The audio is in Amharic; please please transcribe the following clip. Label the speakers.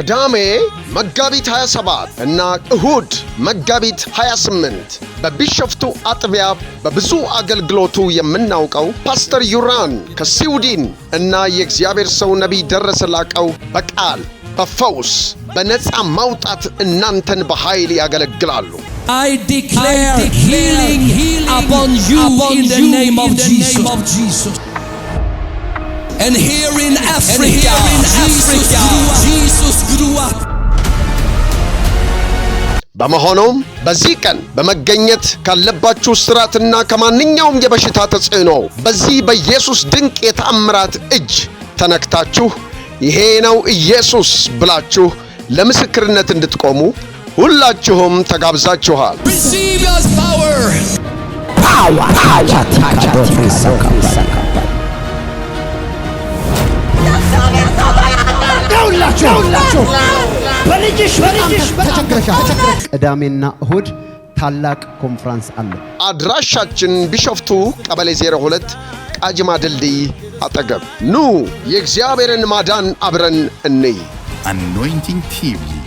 Speaker 1: ቅዳሜ መጋቢት 27 እና እሁድ መጋቢት 28 በቢሾፍቱ አጥቢያ በብዙ አገልግሎቱ የምናውቀው ፓስተር ዩራን ከስዊድን እና የእግዚአብሔር ሰው ነቢይ ደረሰ ላቀው በቃል በፈውስ በነፃ ማውጣት እናንተን በኃይል ያገለግላሉ። በመሆኑም በዚህ ቀን በመገኘት ካለባችሁ ስራትና ከማንኛውም የበሽታ ተጽዕኖ በዚህ በኢየሱስ ድንቅ የተአምራት እጅ ተነክታችሁ ይሄ ነው ኢየሱስ ብላችሁ ለምስክርነት እንድትቆሙ ሁላችሁም ተጋብዛችኋል። ቅዳሜና እሁድ ታላቅ ኮንፍራንስ አለ። አድራሻችን ቢሾፍቱ ቀበሌ 02 አጅማ ድልድይ አጠገብ ኑ የእግዚአብሔርን ማዳን አብረን እንይ። አኖይንቲንግ ቲቪ